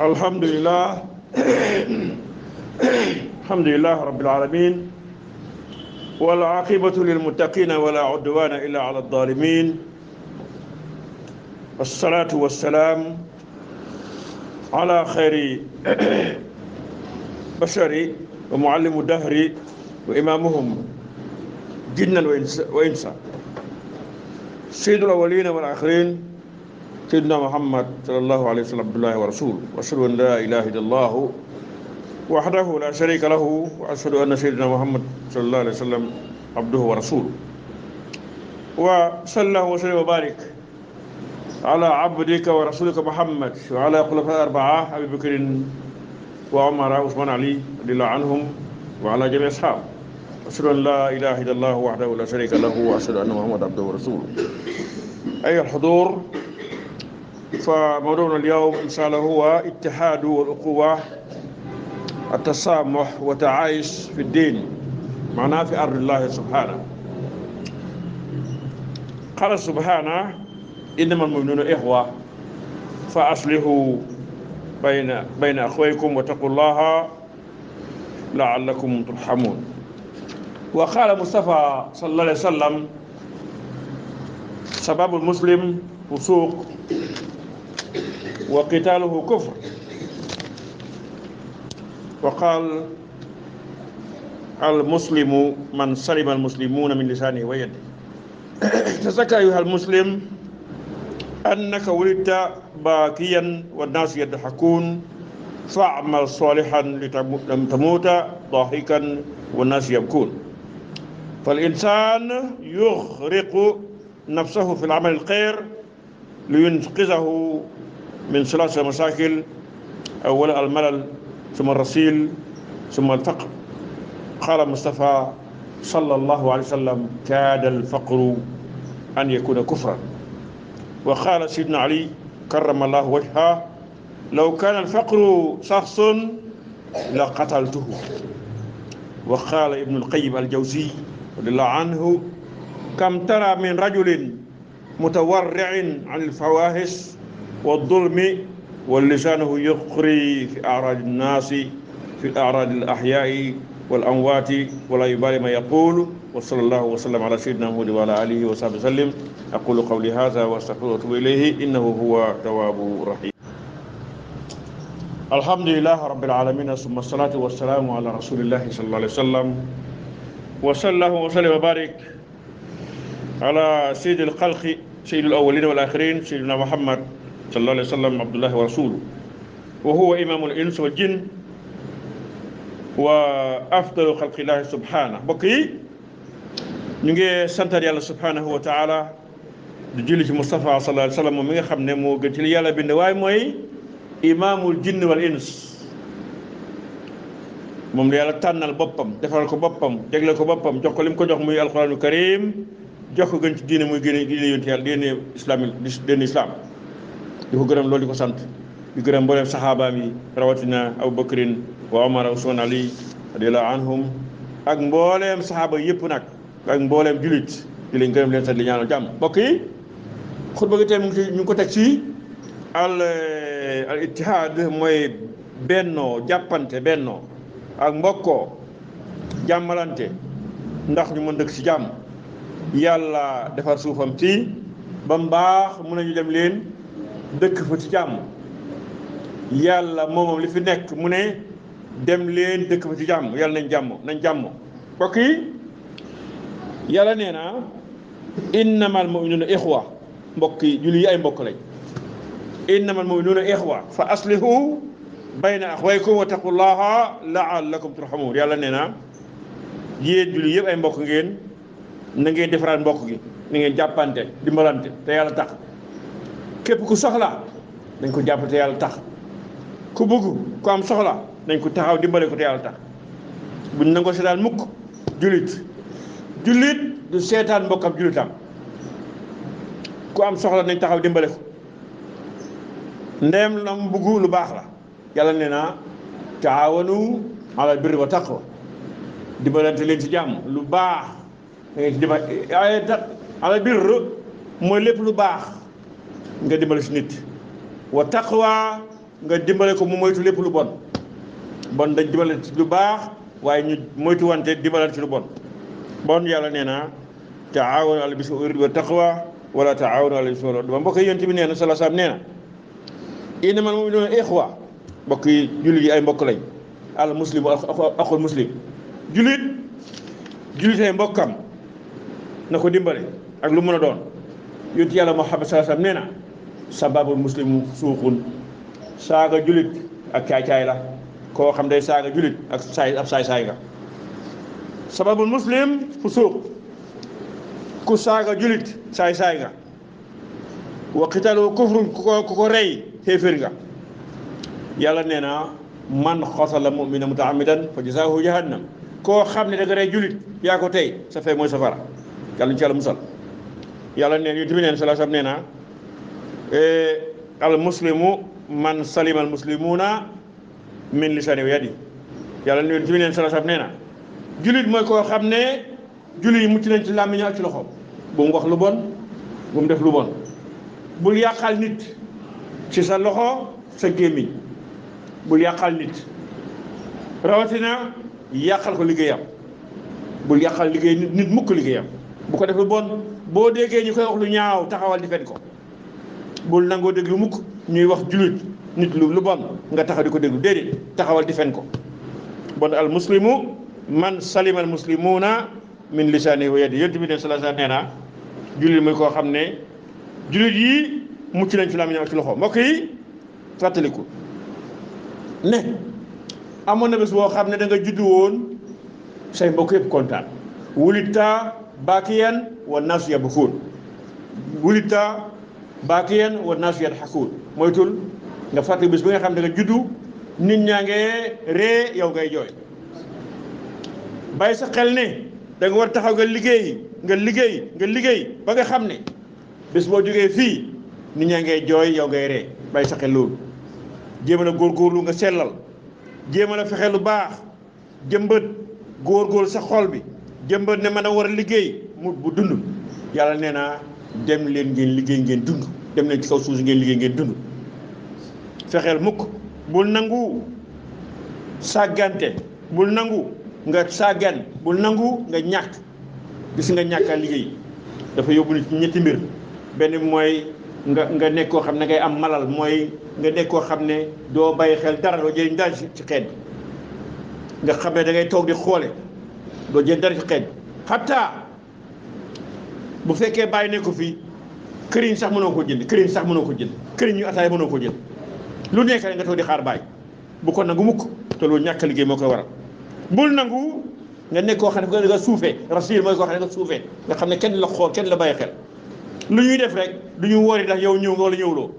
الحمد لله الحمد لله رب العالمين والعاقبة للمتقين ولا عدوان إلا على الظالمين والصلاة والسلام على خير بشري ومعلم الدهر وإمامهم جنا وإنسا سيد الأولين والآخرين سيدنا محمد صلى الله عليه وسلم عبد الله ورسوله واشهد ان لا اله الا الله وحده لا شريك له واشهد ان سيدنا محمد صلى الله عليه وسلم عبده ورسوله وصلى الله وسلم وبارك على عبدك ورسولك محمد وعلى خلفاء الاربعه ابي بكر وعمر وعثمان علي رضي الله عنهم وعلى جميع اصحاب اشهد ان لا اله الا الله وحده لا شريك له واشهد ان محمد عبده ورسوله اي الحضور فموضوعنا اليوم إن شاء الله هو اتحاد والقوة التسامح وتعايش في الدين معناه في أرض الله سبحانه قال سبحانه إنما المؤمنون إخوة فأصلحوا بين بين أخويكم واتقوا الله لعلكم ترحمون وقال مصطفى صلى الله عليه وسلم شباب المسلم فسوق وقتاله كفر وقال المسلم من سلم المسلمون من لسانه ويده تزكى أيها المسلم أنك ولدت باكيا والناس يضحكون فاعمل صالحا لم تموت ضاحكا والناس يبكون فالإنسان يغرق نفسه في العمل الخير لينقذه من ثلاثة مشاكل أولا الملل ثم الرسيل ثم الفقر قال مصطفى صلى الله عليه وسلم كاد الفقر أن يكون كفرا وقال سيدنا علي كرم الله وجهه لو كان الفقر شخص لقتلته وقال ابن القيم الجوزي رضي الله عنه كم ترى من رجل متورع عن الفواحش والظلم واللسانه يقري في أعراض الناس في أعراض الأحياء والأموات ولا يبالي ما يقول وصلى الله وسلم على سيدنا محمد وعلى آله وصحبه وسلم أقول قولي هذا وأستغفر وأتوب إليه إنه هو تواب رحيم الحمد لله رب العالمين ثم الصلاة والسلام على رسول الله صلى الله عليه وسلم وصلى الله وسلم وبارك على سيد الخلق سيد الأولين والآخرين سيدنا محمد صلى الله عليه وسلم عبد الله ورسوله وهو إمام الإنس والجن وأفضل خلق الله سبحانه بقي نيجي سنتر يالله سبحانه وتعالى di julli ci Moustapha sallallahu alayhi wa sallam mi nga xam ne moo gën ci li yàlla bind waaye mooy imaamul jinn wal ins moom la yàlla tànnal boppam defal ko boppam jegle ko boppam jox ko lim ko jox muy alquranu karim jox ko gën ci diine muy gën diine yonte yàlla diine islam diine islam di ko gërëm loolu di ko sant di gërëm mboolem saxaabaam yi rawatina Abu Bakrin wa Omar Usman Ali radiyallahu anhum ak mbooleem saxaaba yëpp nag ak mbooleem julit di leen gërëm leen sant di ñaanal jàmm mbokk yi xutba gi tey mu ngi ko teg ci eh, al ittihaad mooy bennoo jàppante bennoo ak mbokkoo jàmmalante ndax ñu mën dëkk ci jàmm yàlla defar suufam ci ba mbaax mën nañu dem leen dëkk fa ci jàmm yàlla moomam li fi nekk mu ne dem leen dëkk fa ci jàmm yàlla nañ jàmm nañ jàmm mbokk yàlla nee na innamal mu'minuna ixwa mbokk yi julli yi ay mbokk lañ innamal mu'minuna ixwa fa aslihu bayna axwaykum wa taqullaha laallakum turhamun yàlla nee na yéen julli yëpp ay mbokk ngeen na ngeen defaraat mbokk gi na ngeen jàppante dimbalante te yàlla tax képp ku soxla dañ ko jàpp te yàlla tax ku bugg ku am soxla dañ ko taxaw dimbale ko te yàlla tax buñ nangoo seetaan mukk julit julit du seetaan mbokkam julitam ku am soxla nañ taxaw dimbale ko ndem la mu bugg lu baax la yàlla nee naa taawanu ala birri wa taqwa dimbalante leen ci jàmm lu baax ci ala birr mooy lépp lu baax nga dimbale si nit wa taqwa nga dimbale ko mu moytu lépp lu bon bon dañ dimbale ci lu baax waaye ñu moytu wante dimbalal ci lu bon bon yàlla nee na taawanu alal bismi wal birri wa taqwa wala taawanu alal bi nee na sala saam nee na innamal mu'minuuna ixwa mbokk yi jullit yi ay mbokk lañ al muslimu axul muslim jullit jullit ay mbokkam na ko dimbale ak lu mën a doon yonent yàlla Muhammad sala saam nee sababul muslimu suuxun saaga julit ak caay-caay la koo xam day saaga julit ak saay ab saay-saay nga sababul muslim fu suuq ku saaga julit saay-saay nga wa qitalu kufrun ku ko rey xéefér nga yàlla nee na man xasala mumina mutaamidan fa jasaahu jahannam koo xam ne da rey julit yaa ko tey sa fee mooy safara yàlla neen yu tamit neen salaa sam nee na E, al muslimu man salima al muslimuna min lisani wa yadi yàlla na yoon ci neen sala nee na jullit mooy koo xam ne jullit yi mucc nañ ci làmmiñ ak ci loxo bu mu wax lu bon bu mu def lu bon bul yàqal nit ci sa loxo sa gémmiñ bul yàqal nit rawatina yàqal ko liggéeyam bul yàqal liggéey nit nit mukk liggéeyam bu ko def lu bon boo déggee ñu koy wax lu ñaaw taxawal di fen ko bul nangoo déglu mukk ñuy wax julit nit lu lu bon nga taxaw di ko déglu déedéet taxawal di fen ko bon al man salima al muslimuna min lisaanihi wa yadihi yonent bi ne sallallahu alayhi wa sallam koo xam ne julit yi mucc nañ ci làmmiñ ak ci loxo mbokk yi fàttaliku ne amoon na bés boo xam ne da nga juddu woon say mbokk yëpp kontaan wulita baakiyan wa naasu yabkuun wulita baqiyan wa nas yadhakun moytul nga fatte bis bi nga xam da nga juddu nit ñange re yow ngay joy bay sa xel ne da nga war taxaw nga liggéey nga liggey nga liggey ba nga xam ne bis bo joge fi nit ñaa ngay jooy yow ngay re bay sa xel la gor gor lu nga selal jema la fexe lu baax gor gor sa xol bi jembeut ne mana war liggey mu bu yalla neena dem leen ngeen liggéey ngeen dund dem leen ci kaw suuf si ngeen liggéey ngeen dund fexeel mukk bul nangu sàggante bu nangu nga sàggan bul nangu nga ñàkk si nga ñàkka liggéey dafa yóbbu ci ñetti mbir benn mooy nga nga nekkoo xam ne ngay am malal mooy nga nekk xam ne doo bàyyi xel dara doo jëriñ dara ci xeet nga xam ne dangay toog di xoole doo jëriñ dara ci xeet xataa bu fekkee bàyyi ne ko fi këriñ sax mëno ko jënd këriñ sax mëno ko jënd këriñ ñu ataay mëno ko jënd lu nekk nga taw di xaar bay bu ko nangu mukk te lu ñak liggéey mo koy waral bul nangu nga nekk ko xane nga soufé rasul mooy ko xane nga soufé nga xamne kenn la xool kenn la bàyyi xel lu ñuy def rek du ñu woori ndax yow ñëw nga wala ñewlo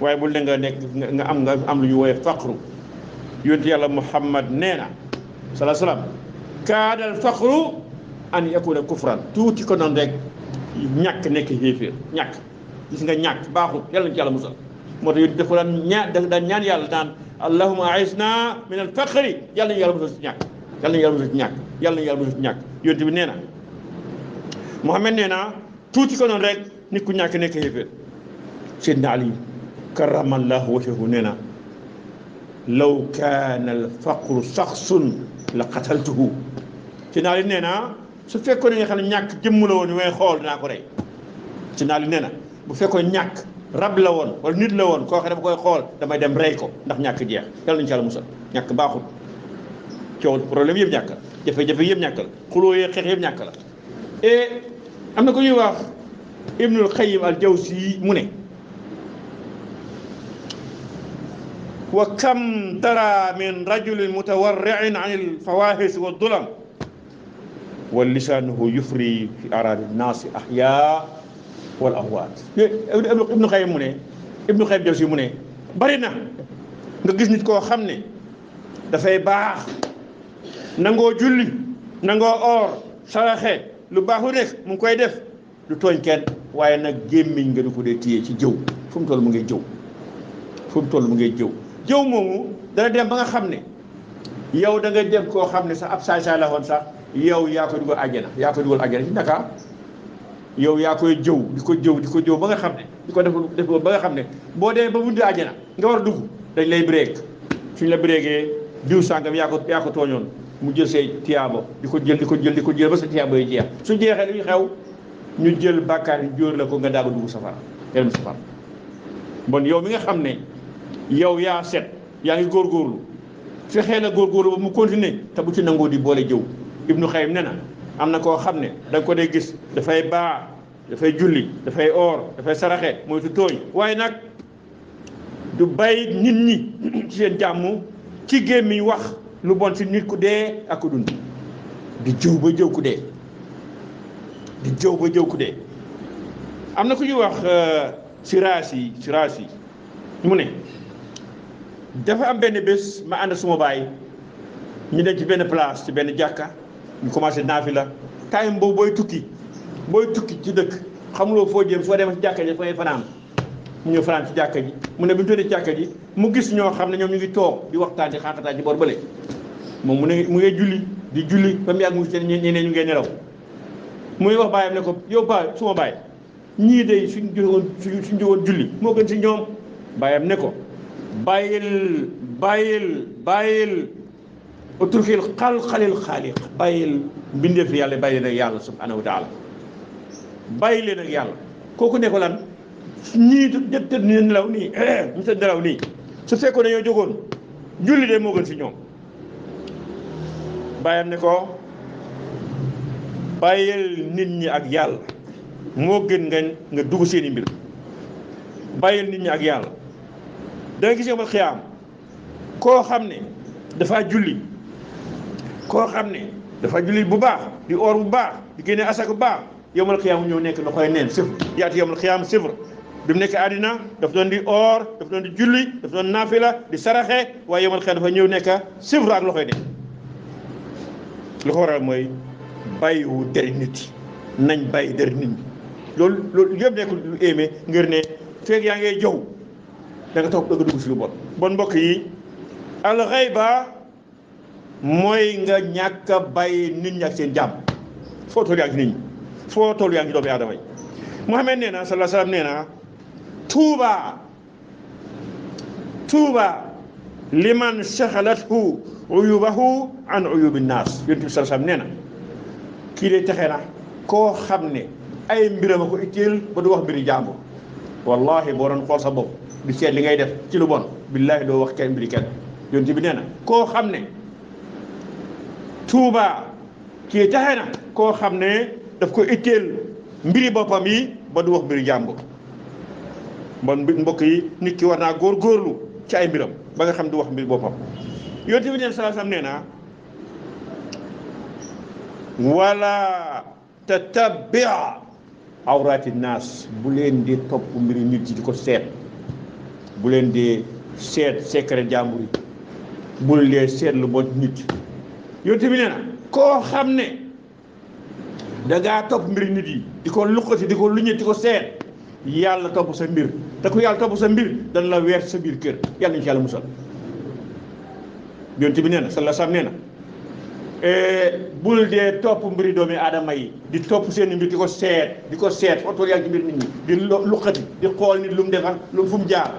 waye bul nga nekk nga am nga am lu ñu woyé faqru yonent yàlla muhammad nee na sala salaam kaadal faqru an yakuna kufran tuuti ko noonu rek ñàkk nekk xéeféer ñàkk gis nga ñàkk baaxul yàlla na ci yàlla musal moo tax daf ko daan ñaan daf daan ñaan yàlla daan allahumma aisna min al faqri yàlla nañu yàlla musal ci ñàkk yàlla nañu yàlla musal ci ñàkk yàlla nañu yàlla musal ci ñàkk yonent bi nee na Muhammad nee na tuuti ko noonu rek nit ku ñàkk nekk xéeféer Seydina Ali karamallahu wajhahu nee na law kaana al faqru saxsun la qataltuhu Seydina Ali nee na su fekkoon nga xam ne ñàkk jëmm la woon way xool naa ko rey ci naa li nee na bu fekkoon ñàkk rab la woon wala nit la woon koo xam ne dama koy xool damay dem rey ko ndax ñàkk jeex yàlla nañu ci yàlla musal ñàkk baaxul coow problème yëpp ñàkk la jafe-jafe yëpp ñàkk la xuloo yee xeex yëpp ñàkk la et am na ko ñuy wax ibnul xayim al jawsi mu ne wa kam tara min rajulin mutawarriin an al fawahis wa dulam wa lisaanuhu yufri fi araadi naasi ahyaa wal amwaat ibnu xayim mu ne ibnu xayim jawsi mu ne bari na nga gis nit koo xam ne dafay baax nangoo julli nangoo oor saraxe lu baaxu nekk mu ngi koy def lu tooñ kenn waaye nag gémmiñ nga du ko dee téye ci jëw fu mu toll mu ngay jëw fu mu toll mu ngay jëw jëw moomu dana dem ba nga xam ne yow danga nga dem koo xam ne sax ab saay saay la sax yow yaa koy dugal àjjana yaa koy dugal àjjana ci naka yow yaa koy jëw di ko jëw di ko jëw ba nga xam ne di ko ba nga xam ne boo demee ba buntu àjjana nga war a dugg dañ lay break suñ la breakee diw sàngam yaa ko yaa ko tooñoon mu jël see tiyaabo di ko jël di ko jël di ko jël ba sa tiyaabo yi jeex su jeexee lu ñu xew ñu jël bàkkaar yi jóor la ko nga daagu dugg safara nga dem safara yow mi nga xam ne yow yaa set yaa ngi góor góorlu fexee na góorgóorlu ba mu continuer te bu ci nangoo di boole jëw ibnu xayim ne na am na koo xam ne da ko dee gis dafay baa dafay julli dafay oor dafay saraxe moytu tooñ waaye nag du bàyyi nit ñi ci seen jàmm ci gémmiñ wax lu bon si nit ku dee ak ku dund di jëw ba jëw ku dee di jëw ba jëw ku dee am na ku ñu wax euh, siraas yi siraas yi mu ne dafa am benn bés ma ànd suma baay ñu dem ci benn place ci benn jàkka ñu commencé naafila time boobu booy tukki booy tukki ci dëkk xamuloo foo jëm soo demee ci jàkka ji fay fanaan mu ñëw fanaan ci jàkka ji mu ne bi mu tëddee ji mu gis ñoo xam ne ñoom ñu ngi toog di waxtaan di xaaxataan ci bor bële moom mu ne mu julli di julli ba mu yàgg mu seen ñeneen ñu ngi nelaw mu muy wax bàyyam ne ko yow ba suma bàyyi ñii de suñ jógoon suñ jógoon julli moo gën si ñoom bàyyam ne ko bàyyil bàyyil bàyyil utrukil xalqalil xaaliq bàyyil mbindeef yàlla bàyyi leen ak yàlla subhanahu wa taala bàyyi leen ak yàlla kooku ne ko lan ñii tëdd tëdd ñu nelaw nii su fekkoon dañoo jógoon julli de moo gën fi ñoom ne ko bàyyil nit ñi ak yàlla moo gën nga nga dugg seeni mbir bàyyil nit ñi ak yàlla danga gis yomal xiyaam koo xam ne dafa julli koo xam ne dafa julli bu baax di oor bu baax di génne asak bu baax yowmal xiyaam ñëw nekk loxoy neen sifr yaati yowmal xiyaam sifr bi mu nekk àddina daf doon di oor daf doon di julli daf doon naafila di saraxe waaye yowmal xiyaam dafa ñëw nekk sifr ak loxoy neen li ko waral mooy bàyyiwu deri nit nañ bàyyi deri nit ñi loolu loolu yëpp nekk lu éeme ngir ne feeg yaa ngee jow da nga toog dugg si lu bon bon mbokk yi al mooy nga ñàkk a bàyyi nit ñi ak seen jàmm foo toll yaa ngi ci nit foo toll yaa ci doomu aadama yi Muhammad nee na sallallahu alayhi wa sallam nee tuuba tuuba liman saxalathu uyubahu an uyubi naas yonent bi sallallahu alayhi wa kii de texe na ko xam ne ay mbiram a ko itteel ba du wax mbiri jàmbur wallahi boo doon xool sa bopp du seet li ngay def ci lu bon billahi doo wax kenn mbiri kenn yonent bi nee koo xam ne Touba ci taxe na koo xam ne daf ko itteel mbiri boppam yi ba du wax mbiri jàmbur bon mbokk yi nit ki war naa góor góorlu ci ay mbiram ba nga xam du wax mbiri boppam yonent bi ne sallallahu nee na wala tatabi awraati naas bu leen di topp mbiri nit yi di ko seet bu leen di seet secret jàmbur yi bul lee seet lu bon nit yonte bi nee koo xam ne dangaa topp mbir nit yi di ko luqati di ko luñe di ko seet yàlla topp sa mbir te ku yàlla topp sa mbir dana la weer sa biir kër yàlla ñu ci yàlla bi nee sala sam nee na eh, bul dee topp mbiri aadama yi di topp seen mbir ko seet di ko seet oto yaa mbir nit ñi di luqati di xool nit lu mu defar lu mu fu mu jaar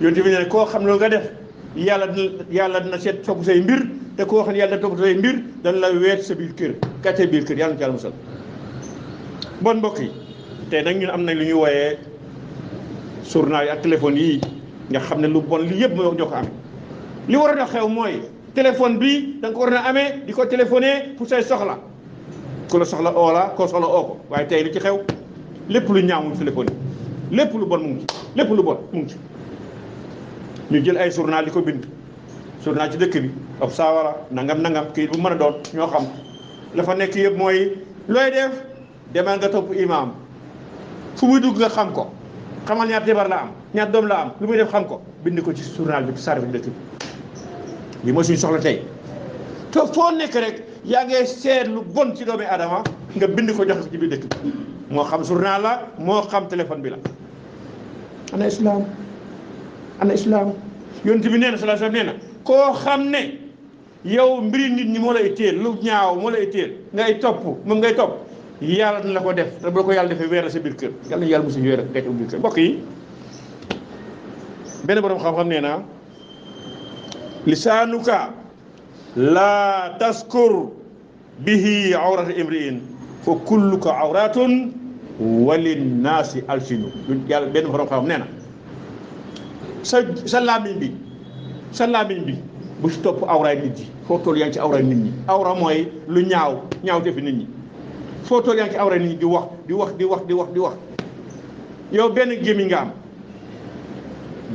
yonte bi nee koo xam ne nga def yàlla dina yàlla dina seet topp say mbir te koo xam ne yàlla toppatoo mbir dana la weet sa biir kër gàcce biir kër yàlla na ci yàlla musal bon mbokk yi tey nag ñun am nañ lu ñuy wooyee journal yi ak téléphone yi nga xam ne lu bon li yëpp ñoo ko amee li waroon a xew mooy téléphone bi da nga ko waroon a amee di ko téléphoné pour say soxla ku la soxla oo la koo soxla oo ko waaye tey li ci xew lépp lu ñaaw mu téléphone yi lépp lu bon mu ngi ci lépp lu bon mu ngi ci ñu jël ay journal di ko bind suur naa ci dëkk bi of saawara nangam nangam kii bu mën a doon ñoo xam la fa nekk yëpp mooy looy def demal nga topp imaam fu muy dugg nga xam ko xamal ñaata jabar la am ñaata doom la am lu muy def xam ko bind ko ci journal bi sarraf ci dëkk bi lii mooy suñu soxla tey te foo nekk rek yaa ngi seet lu bon ci doomi aadama nga bind ko joxe ko ci biir dëkk bi moo xam journal la moo xam téléphone bi la ana islam ana yoon yonent bi nee na sallallahu nee koo xam ne yow mbiri nit ñi moo lay téel lu ñaaw moo lay téel ngay topp moom ngay topp yàlla dina la ko def te bu la ko yàlla defee weer sa biir kër yàlla yàlla mosu ñu weer ak biir kër mbokk benn borom xam-xam nee na lisaanuka laa taskur bihi awrata imriin fa kulluka awratun walin naasi alsinu yàlla benn borom xam-xam nee na sa sa bi sa làmmiñ bi bu si topp awraay nit ji foo toll yaa ngi ci awraay nit ñi awra mooy lu ñaaw ñaaw defi nit ñi foo toll yaa ngi ci awraay nit ñi di wax di wax di wax di wax di wax yow benn gémmiñ nga am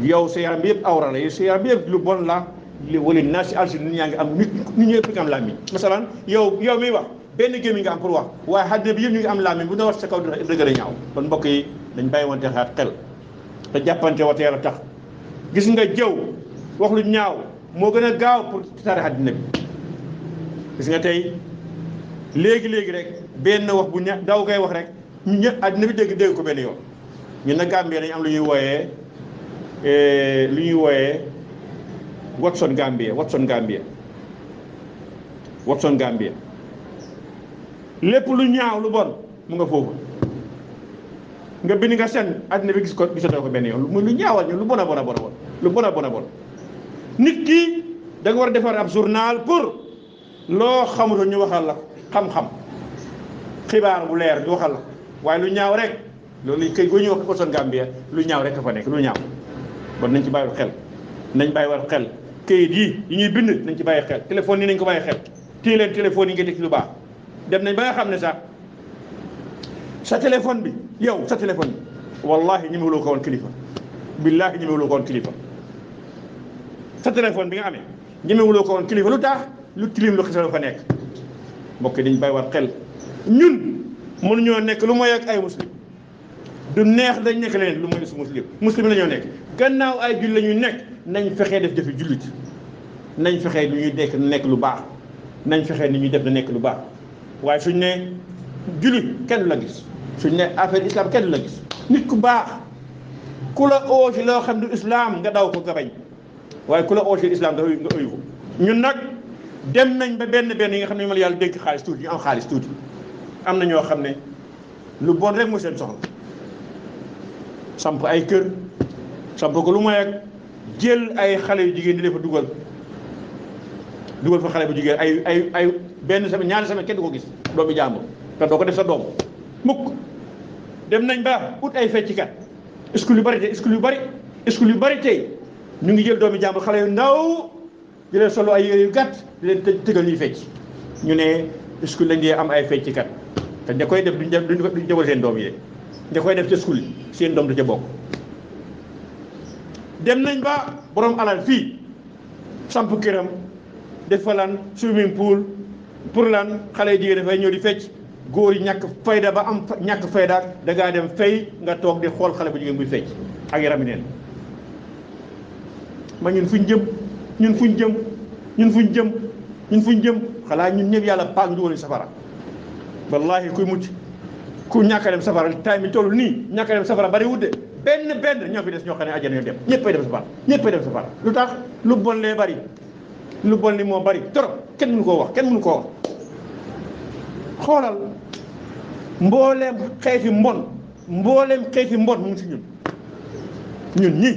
yaw sa yaram bi yëpp awra la yow sa yaram bi yëpp lu bon la wala naa si alsi nit ñaa ngi am nit nit ñëpp nga am làmmiñ masalan yow yow miy wax benn gémmiñ nga am pour wax waaye àddina bi yëpp ñu ngi am làmmiñ bu na wax sa kaw dina dëgg mbokk yi dañ bàyyi wante xaat xel tax gis nga jëw wax lu ñaaw moo gën a gaaw pour tasaare àddina bi gis nga tey léegi léegi rek benn wax bu ña daw koy wax rek ñu ñë àddina bi dégg dégg ko benn yoon ñun nag Gambie dañu am lu ñuy wooyee eh, lu ñuy wooyee Watson Gambie Watson Gambie Watson Gambie lépp lu ñaaw lu bon mu nga foofu nga bind nga seen àddina bi gis ko gisatoo ko benn yoon lu ñaawal ñu lu bon a lu bon a bon a bon nit ki da nga war a defar ab journal pour loo xamutoon ñu waxal la xam-xam xibaar bu leer ñu waxal la waaye lu ñaaw rek loolu kay go ñu wax ko son Gambia lu ñaaw rek a fa nekk lu ñaaw bon nañ ci bàyyi xel nañ bàyyi war xel kayit yi ñuy bind nañ ci bàyyi xel téléphone yi nañ ko bàyyi xel téye leen téléphone yi nga teg ci lu baax dem nañ ba nga xam ne sax sa téléphone bi yow sa téléphone bi wallahi ñemewuloo ko woon kilifa billahi ñemewuloo ko sa téléphone bi nga amé amee ñemewuloo ko won kilifa lu tax lu tilim lu xisal fa nek mbokk diñ bay war xel ñun mënu ñoo nek lu moy ak ay muslim du neex dañ nek leen lu moy su muslim muslim lañu nek gannaaw ay jull lañu nek nañ fexé def def jullit nañ fexé lu ñuy dekk nek lu baax nañ fexé ni ñuy def na nekk lu baax waaye suñ ne jullit kenn la gis suñ ne affaire islam kenn la gis nit ku baax ku la oo ci loo xam du islam nga daw ko gabañ waaye ku la oo ci islam dafa nga ëyu ñun nag dem nañ ba benn benn yi nga xam ne ñu mën yàlla dénk xaalis tuuti ñu am xaalis tuuti am na ñoo xam ne lu bon rek mooy seen soxla samp ay kër samp ko lu mooy ak jël ay xale yu jigéen di leen fa dugal dugal fa xale bu jigéen ay ay ay benn semaine ñaari semaine kenn du ko gis doomi jàmbur te doo ko def sa doom mukk dem nañ ba ut ay fecckat school yu bari tey school yu bari school yu bari tey ñu ngi jël doomi jàmbur xale yu ndaw di leen solo ay yére yu gàtt leen tëj tëgal ñuy fecc ñu ne school lañ dee am ay fecckat te ña koy def duñ def duñ defal seen doom yi de ña koy def ca school seen doom du ca bokk. dem nañ ba boroom alal fii samp këram def fa lan swimming pool pour lan xale yi jigéen dafay ñëw di fecc góor yi ñàkk fayda ba am ñàkk fayda da ngaa dem fay nga toog di xool xale bu jigéen buy fecc ak yaram neen ma ñun fuñ jëm ñun fuñ jëm ñun fuñ jëm ñun fuñ jëm xalaa ñun ñëpp yàlla paak njugaluñ safara wallahi kuy mucc ku ñàkk a dem safara time bi toll nii ñàkk dem safara bari wut de benn benn ñoo fi des ñoo xam ne àjjana ñu dem ñëppay dem safara ñëppay dem safara lu tax lu bon lee bari lu bon li moo bari trop kenn mënu koo wax kenn mënu koo wax xoolal mbooleem xeeti mbon mbooleem xeeti mbon mu ngi si ñun ñun ñii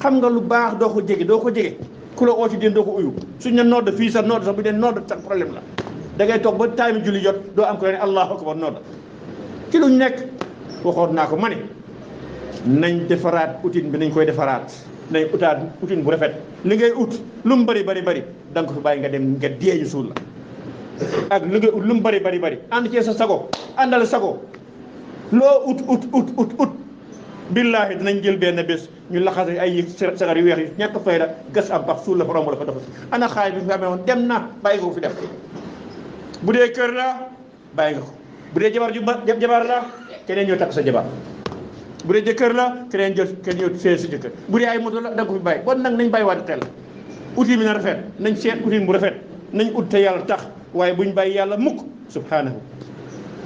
xam nga lu baax doo ko jege doo ko jege ku la oo ci dén doo ko uyu suñ ne nodd fii sa nodd sax bu deen nodd sax problème la da toog ba time julli jot doo am ko ne allahu akbar nodd ci luñ nekk waxoon naa ko ma nañ defaraat utin bi nañ koy defaraat nañ utaat outil bu rafet li ngay ut lu mu bëri bari bari da nga ko fi bàyyi nga dem nga deeñu suul la ak li ngay ut lu mu bari bari bari ànd cee sa sago àndal sago loo ut ut ut ut ut billaahi danañ jël benn bés ñu laxase ay sagar yu weex yu ñàkk fayda gas ab bax suul la fa romb la fa dafa ana xaalis bi fi amee woon dem na bàyyi ko fi def bu dee kër la bàyyi nga ko bu dee jabar ju jabar la keneen ñëw takk sa jabar bu dee jëkkër la keneen jël keneen ñëw fee sa jëkkër bu dee ay moto la da ko fi bàyyi bon nag nañ bàyyi waat xel outil bi na rafet nañ seet outil bu rafet nañ ut te yàlla tax waaye buñ bàyyi yàlla mukk subhanahu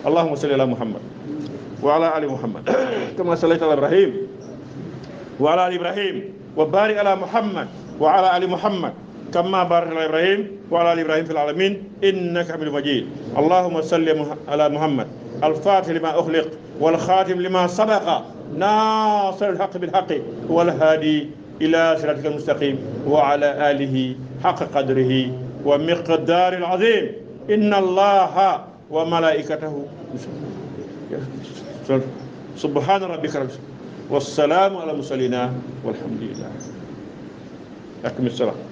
allahumma salli ala muhammad وعلى آل محمد كما صليت على إبراهيم وعلى آل إبراهيم وبارك على محمد وعلى آل محمد كما بارك على إبراهيم وعلى آل إبراهيم في العالمين إنك حميد مجيد اللهم صل على محمد الفاتح لما أخلق والخاتم لما سبق ناصر الحق بالحق والهادي إلى صراطك المستقيم وعلى آله حق قدره ومقدار العظيم إن الله وملائكته يسلمون أكبر سبحان ربك رب والسلام على المرسلين والحمد لله أكمل السلام